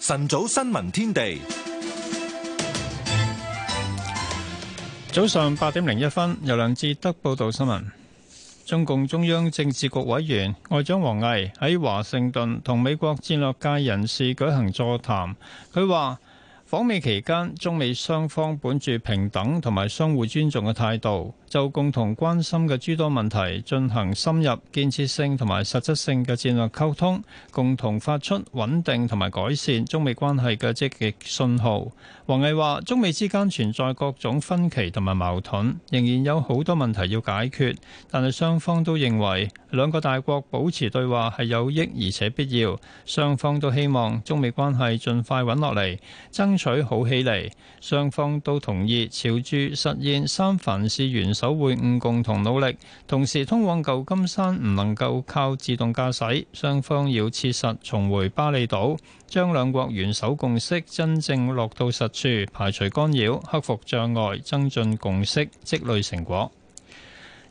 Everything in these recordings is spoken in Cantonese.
晨早新聞天地，早上八點零一分，由梁志德報道新聞。中共中央政治局委員、外長王毅喺華盛頓同美國戰略界人士舉行座談，佢話：訪美期間，中美雙方本著平等同埋相互尊重嘅態度，就共同關心嘅諸多問題進行深入建設性同埋實質性嘅戰略溝通，共同發出穩定同埋改善中美關係嘅積極信號。王毅話：中美之間存在各種分歧同埋矛盾，仍然有好多問題要解決。但係雙方都認為兩個大國保持對話係有益而且必要。雙方都希望中美關係盡快穩落嚟，爭取好起嚟。雙方都同意朝住實現三藩市元首會晤共同努力。同時，通往舊金山唔能夠靠自動駕駛，雙方要切實重回巴厘島，將兩國元首共識真正落到實在。排除干擾、克服障礙、增進共識、積累成果。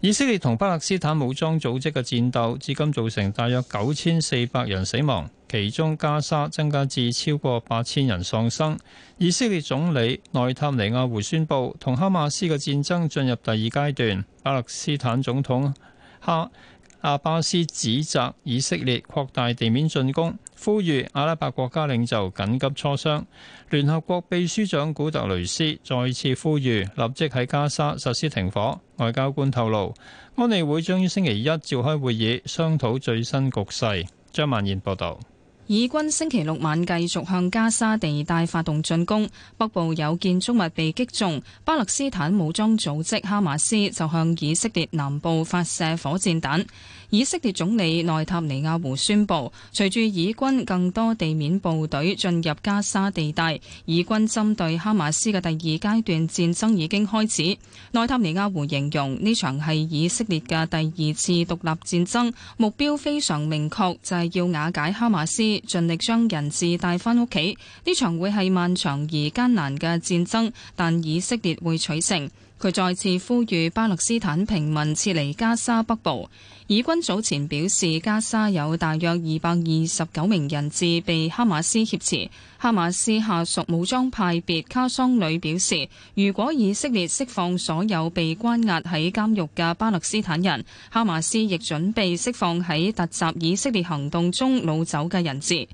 以色列同巴勒斯坦武裝組織嘅戰鬥至今造成大約九千四百人死亡，其中加沙增加至超過八千人喪生。以色列總理內塔尼亞胡宣布，同哈馬斯嘅戰爭進入第二階段。巴勒斯坦總統哈阿巴斯指責以色列擴大地面進攻，呼籲阿拉伯國家領袖緊急磋商。聯合國秘書長古特雷斯再次呼籲立即喺加沙實施停火。外交官透露，安理會將於星期一召開會議，商討最新局勢。張曼燕報導。以軍星期六晚繼續向加沙地帶發動進攻，北部有建築物被擊中。巴勒斯坦武裝組織哈馬斯就向以色列南部發射火箭彈。以色列總理內塔尼亞胡宣布，隨住以軍更多地面部隊進入加沙地帶，以軍針對哈馬斯嘅第二階段戰爭已經開始。內塔尼亞胡形容呢場係以色列嘅第二次獨立戰爭，目標非常明確，就係要瓦解哈馬斯，盡力將人質帶翻屋企。呢場會係漫長而艱難嘅戰爭，但以色列會取勝。佢再次呼籲巴勒斯坦平民撤離加沙北部。以軍早前表示，加沙有大約二百二十九名人質被哈馬斯挾持。哈馬斯下屬武裝派別卡桑旅表示，如果以色列釋放所有被關押喺監獄嘅巴勒斯坦人，哈馬斯亦準備釋放喺突襲以色列行動中擄走嘅人質。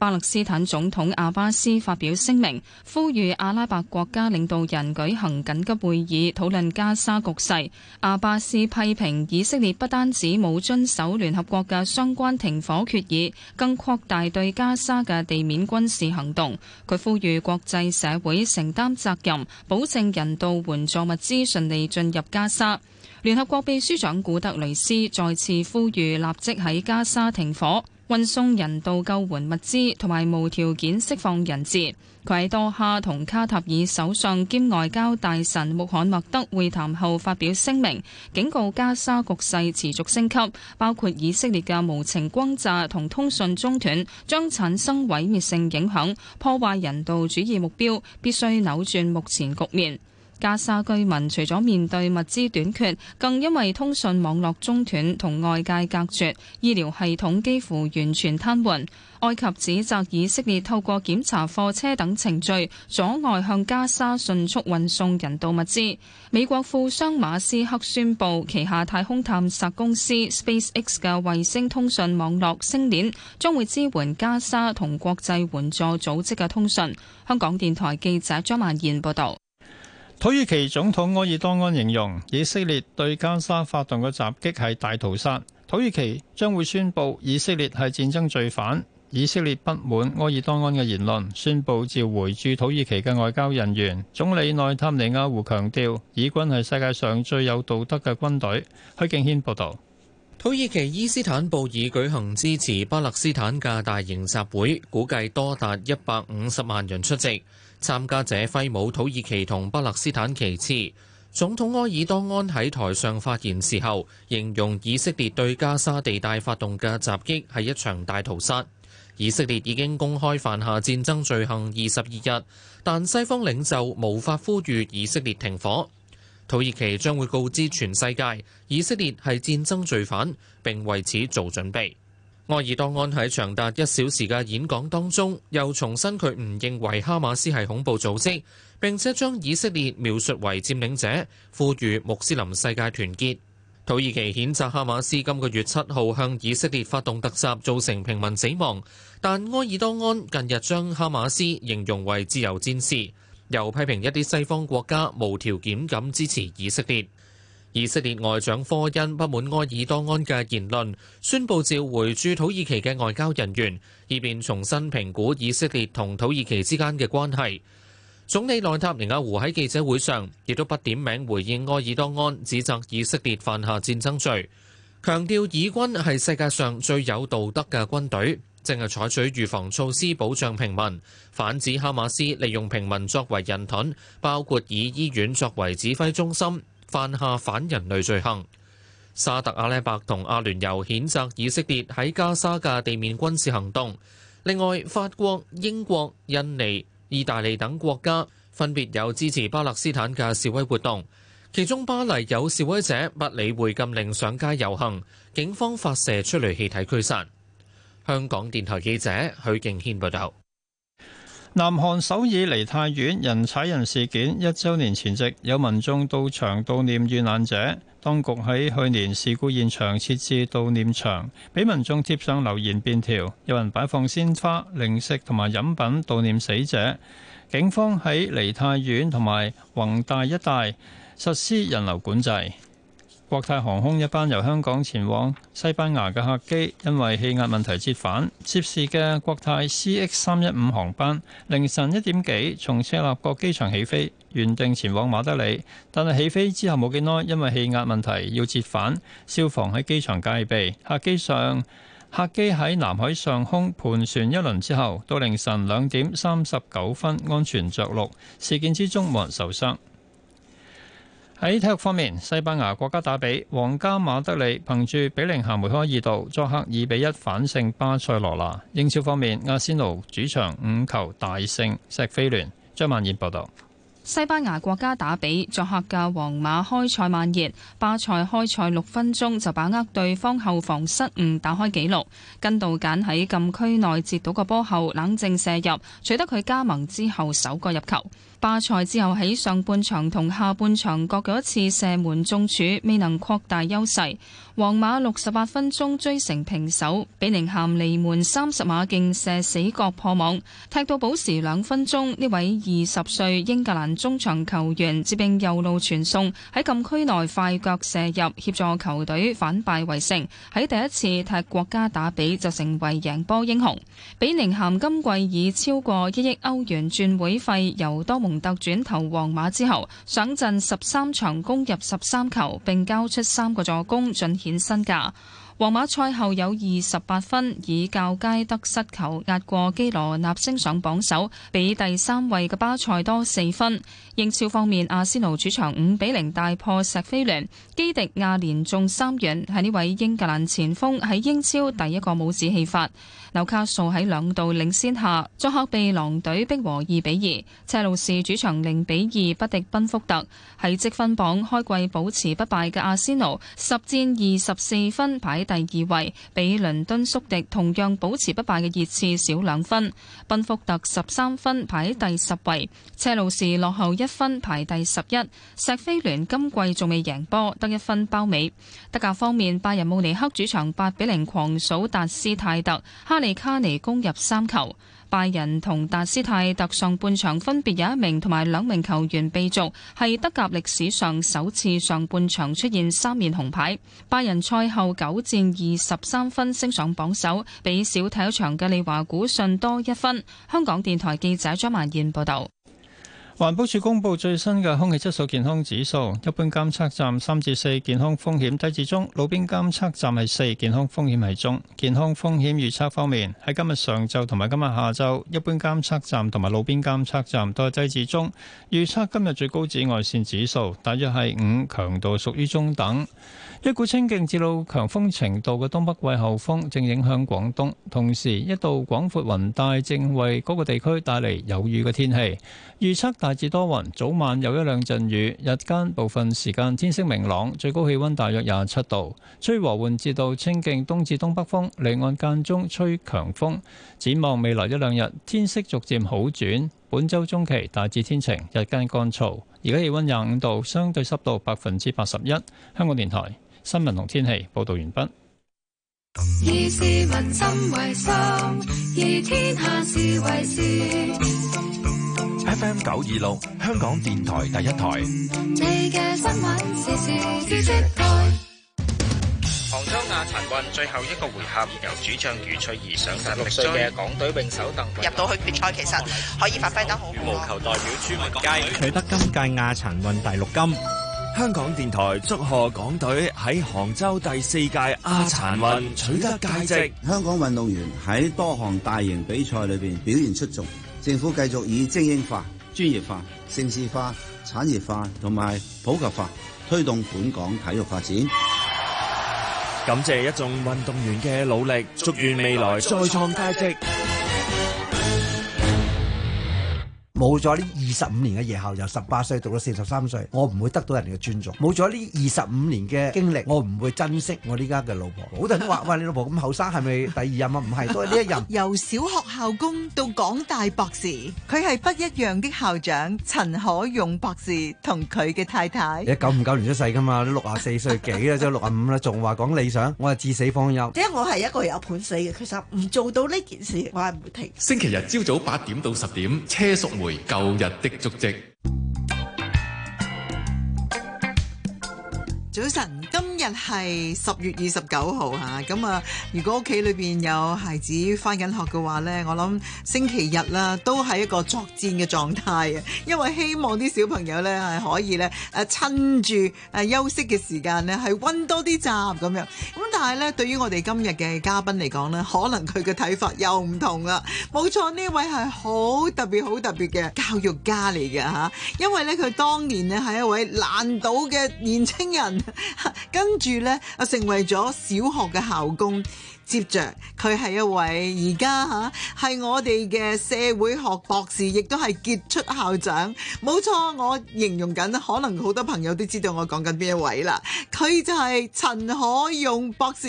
巴勒斯坦總統阿巴斯發表聲明，呼籲阿拉伯國家領導人舉行緊急會議，討論加沙局勢。阿巴斯批評以色列不單止冇遵守聯合國嘅相關停火決議，更擴大對加沙嘅地面軍事行動。佢呼籲國際社會承擔責任，保證人道援助物資順利進入加沙。聯合國秘書長古特雷斯再次呼籲立即喺加沙停火。運送人道救援物資同埋無條件釋放人質。佢喺多哈同卡塔爾首相兼外交大臣穆罕默德會談後發表聲明，警告加沙局勢持續升級，包括以色列嘅無情轟炸同通訊中斷，將產生毀滅性影響，破壞人道主義目標，必須扭轉目前局面。加沙居民除咗面對物資短缺，更因為通訊網絡中斷同外界隔絕，醫療系統幾乎完全癱瘓。埃及指責以色列透過檢查貨車等程序，阻礙向加沙迅速運送人道物資。美國富商馬斯克宣布，旗下太空探索公司 SpaceX 嘅衛星通訊網絡星鏈將會支援加沙同國際援助組織嘅通訊。香港電台記者張曼燕報道。土耳其總統埃爾多安形容以色列對加沙發動嘅襲擊係大屠殺，土耳其將會宣佈以色列係戰爭罪犯。以色列不滿埃爾多安嘅言論，宣佈召回駐土耳其嘅外交人員。總理內塔尼亞胡強調，以軍係世界上最有道德嘅軍隊。許敬軒報導，土耳其伊斯坦布爾舉行支持巴勒斯坦嘅大型集會，估計多達一百五十萬人出席。參加者揮舞土耳其同巴勒斯坦旗幟。總統埃爾多安喺台上發言時候，形容以色列對加沙地帶發動嘅襲擊係一場大屠殺。以色列已經公開犯下戰爭罪行二十二日，但西方領袖無法呼籲以色列停火。土耳其將會告知全世界，以色列係戰爭罪犯，並為此做準備。埃爾多安喺長達一小時嘅演講當中，又重申佢唔認為哈馬斯係恐怖組織，並且將以色列描述為佔領者，呼籲穆斯林世界團結。土耳其譴責哈馬斯今個月七號向以色列發動特襲，造成平民死亡，但埃爾多安近日將哈馬斯形容為自由戰士，又批評一啲西方國家無條件咁支持以色列。以色列外長科恩不滿埃爾多安嘅言論，宣布召回駐土耳其嘅外交人員，以便重新評估以色列同土耳其之間嘅關係。總理內塔尼亞胡喺記者會上亦都不點名回應埃爾多安，指責以色列犯下戰爭罪，強調以軍係世界上最有道德嘅軍隊，正係採取預防措施保障平民，反指哈馬斯利用平民作為人盾，包括以醫院作為指揮中心。犯下反人類罪行。沙特阿拉伯同阿聯酋譴責以色列喺加沙嘅地面軍事行動。另外，法國、英國、印尼、意大利等國家分別有支持巴勒斯坦嘅示威活動。其中巴黎有示威者不理會禁令上街遊行，警方發射催淚氣體驅散。香港電台記者許敬軒報導。南韓首爾梨泰院人踩人事件一週年前夕，有民眾到場悼念遇難者。當局喺去年事故現場設置悼念牆，俾民眾貼上留言便條，有人擺放鮮花、零食同埋飲品悼念死者。警方喺梨泰院同埋弘大一帶實施人流管制。國泰航空一班由香港前往西班牙嘅客機，因為氣壓問題折返。涉事嘅國泰 CX 三一五航班，凌晨一點幾從赤鱲角機場起飛，原定前往馬德里，但係起飛之後冇幾耐，因為氣壓問題要折返。消防喺機場戒備，客機上客機喺南海上空盤旋一輪之後，到凌晨兩點三十九分安全着陸。事件之中冇人受傷。喺體育方面，西班牙國家打比皇家馬德里憑住比零下梅開二度，作客二比一反勝巴塞羅那。英超方面，阿仙奴主場五球大勝石飛聯。張曼燕報導。西班牙國家打比作客嘅皇馬開賽慢熱，巴塞開賽六分鐘就把握對方後防失誤，打開紀錄。根度簡喺禁區內接到個波後，冷靜射入，取得佢加盟之後首個入球。巴塞之後喺上半場同下半場各有一次射門中柱，未能擴大優勢。皇馬六十八分鐘追成平手，比寧咸離門三十碼勁射死角破網。踢到補時兩分鐘，呢位二十歲英格蘭中場球員接應右路傳送，喺禁區內快腳射入，協助球隊反敗為勝。喺第一次踢國家打比就成為贏波英雄。比寧咸今季以超過一億歐元轉會費由多特轉投皇馬之後，上陣十三場攻入十三球，並交出三個助攻，盡顯身價。皇馬賽後有二十八分，以較佳得失球壓過基羅納，升上榜首，比第三位嘅巴塞多四分。英超方面，阿仙奴主場五比零大破石飛聯，基迪亞連中三元，係呢位英格蘭前鋒喺英超第一個帽子戲法。紐卡素喺兩度領先下，作客被狼隊逼和二比二；車路士主場零比二不敵賓福特。喺積分榜開季保持不敗嘅阿仙奴，十戰二十四分排第二位，比倫敦宿敵同樣保持不敗嘅熱刺少兩分。賓福特十三分排第十位，車路士落後一分排第十一。錫菲聯今季仲未贏波，得一分包尾。德甲方面，拜仁慕尼黑主場八比零狂掃達斯泰特，哈。利卡尼攻入三球，拜仁同達斯泰特上半場分別有一名同埋兩名球員被逐，係德甲歷史上首次上半場出現三面紅牌。拜仁賽後九戰二十三分升上榜首，比少踢一場嘅利華古信多一分。香港電台記者張曼燕報道。環保署公布最新嘅空氣質素健康指數，一般監測站三至四，健康風險低至中；路邊監測站係四，健康風險係中。健康風險預測方面，喺今日上晝同埋今日下晝，一般監測站同埋路邊監測站都係低至中。預測今日最高紫外線指數大約係五，強度屬於中等。一股清勁至到強風程度嘅東北季候風正影響廣東，同時一道廣闊雲帶正為嗰個地區帶嚟有雨嘅天氣。預測大。大致多雲，早晚有一兩陣雨，日間部分時間天色明朗，最高氣溫大約廿七度，吹和緩至到清勁東至東北風，離岸間中吹強風。展望未來一兩日，天色逐漸好轉，本周中期大致天晴，日間乾燥。而家氣溫廿五度，相對濕度百分之八十一。香港電台新聞同天氣報道完畢。以 FM 九二六，香港電台第一台。謝謝謝謝杭州亞殘運最後一個回合由主將余翠怡上陣。十六歲嘅港隊泳手入到去決賽，其實可以發揮得好。羽毛球代表朱文佳取得今屆亞殘運第六金。香港電台祝賀港隊喺杭州第四屆亞殘運取得佳績。香港運動員喺多項大型比賽裏邊表現出眾。政府繼續以精英化、專業化、城市化、產業化同埋普及化推動本港體育發展。感謝一眾運動員嘅努力，祝願未來再創佳績。冇咗呢二十五年嘅夜校由十八歲讀到四十三歲，我唔會得到人哋嘅尊重。冇咗呢二十五年嘅經歷，我唔會珍惜我呢家嘅老婆。好多人話，喂、 哎，你老婆咁後生，係咪第二任啊？唔係，都係呢一任。 由小學校工到港大博士，佢係不一樣的校長陳可勇博士同佢嘅太太。一九五九年出世噶嘛，六啊四歲幾啦，即係六啊五啦，仲話講理想，我係至死方休。即 係我係一個有判死嘅其實唔做到呢件事，我係唔會停。星期日朝早八點到十點，車淑梅。舊日的足跡。早晨，今今日係十月二十九號吓，咁啊，如果屋企裏邊有孩子翻緊學嘅話呢，我諗星期日啦，都係一個作戰嘅狀態啊，因為希望啲小朋友呢係可以呢誒，趁住誒休息嘅時間呢係溫多啲習咁樣。咁但係呢，對於我哋今日嘅嘉賓嚟講呢，可能佢嘅睇法又唔同啊。冇錯，呢位係好特別、好特別嘅教育家嚟嘅吓，因為呢，佢當年咧係一位爛賭嘅年青人，跟。 跟住呢，啊，成為咗小學嘅校工，接着佢係一位而家吓，係、啊、我哋嘅社會學博士，亦都係傑出校長。冇錯，我形容緊，可能好多朋友都知道我講緊邊一位啦。佢就係陳可容博士。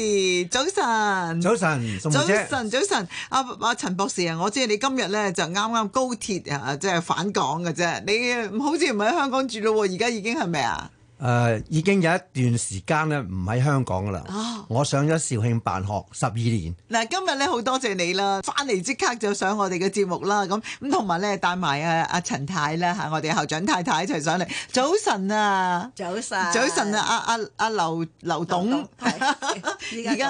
早晨，早晨，早晨，早晨，啊啊，陳、啊、博士啊，我知你今日呢就啱啱高鐵啊，即係返港㗎啫。你好似唔喺香港住咯，而家已經係咪啊？誒、呃、已經有一段時間咧，唔喺香港噶啦、哦。我上咗肇慶辦學十二年。嗱，今日咧好多謝你啦，翻嚟即刻就上我哋嘅節目啦。咁咁同埋咧，帶埋阿阿陳太啦嚇，我哋校長太太一齊上嚟。早晨啊，早晨，早晨啊，阿阿阿劉劉董，而家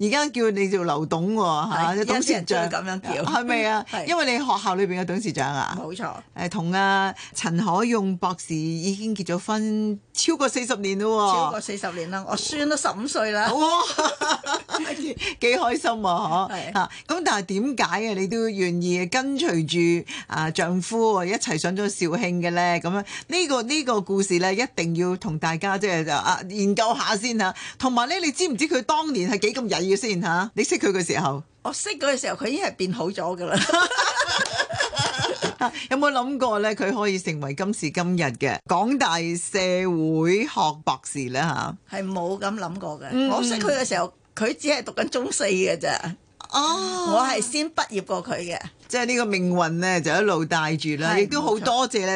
而家叫你做劉董喎嚇，董事長咁樣叫係咪啊？因為你學校裏邊嘅董事長啊，冇錯。誒，同阿陳可用博士已經結咗婚超過四十年咯喎！超過四十年啦，我孫都十五歲啦，哇！幾開心啊，嗬！啊，咁但係點解啊？你都願意跟隨住啊丈夫一齊上咗肇慶嘅咧？咁樣呢個呢個故事咧，一定要同大家即係就啊研究下先啊！同埋咧，你知唔知佢當年係幾咁曳嘅先嚇？你識佢嘅時候，我識佢嘅時候，佢已經係變好咗嘅啦。 有冇諗過咧？佢可以成為今時今日嘅港大社會學博士咧？吓，係冇咁諗過嘅。我識佢嘅時候，佢只係讀緊中四嘅咋。哦，我係先畢業過佢嘅。即係呢個命運咧，就一路帶住啦，亦都好多謝咧。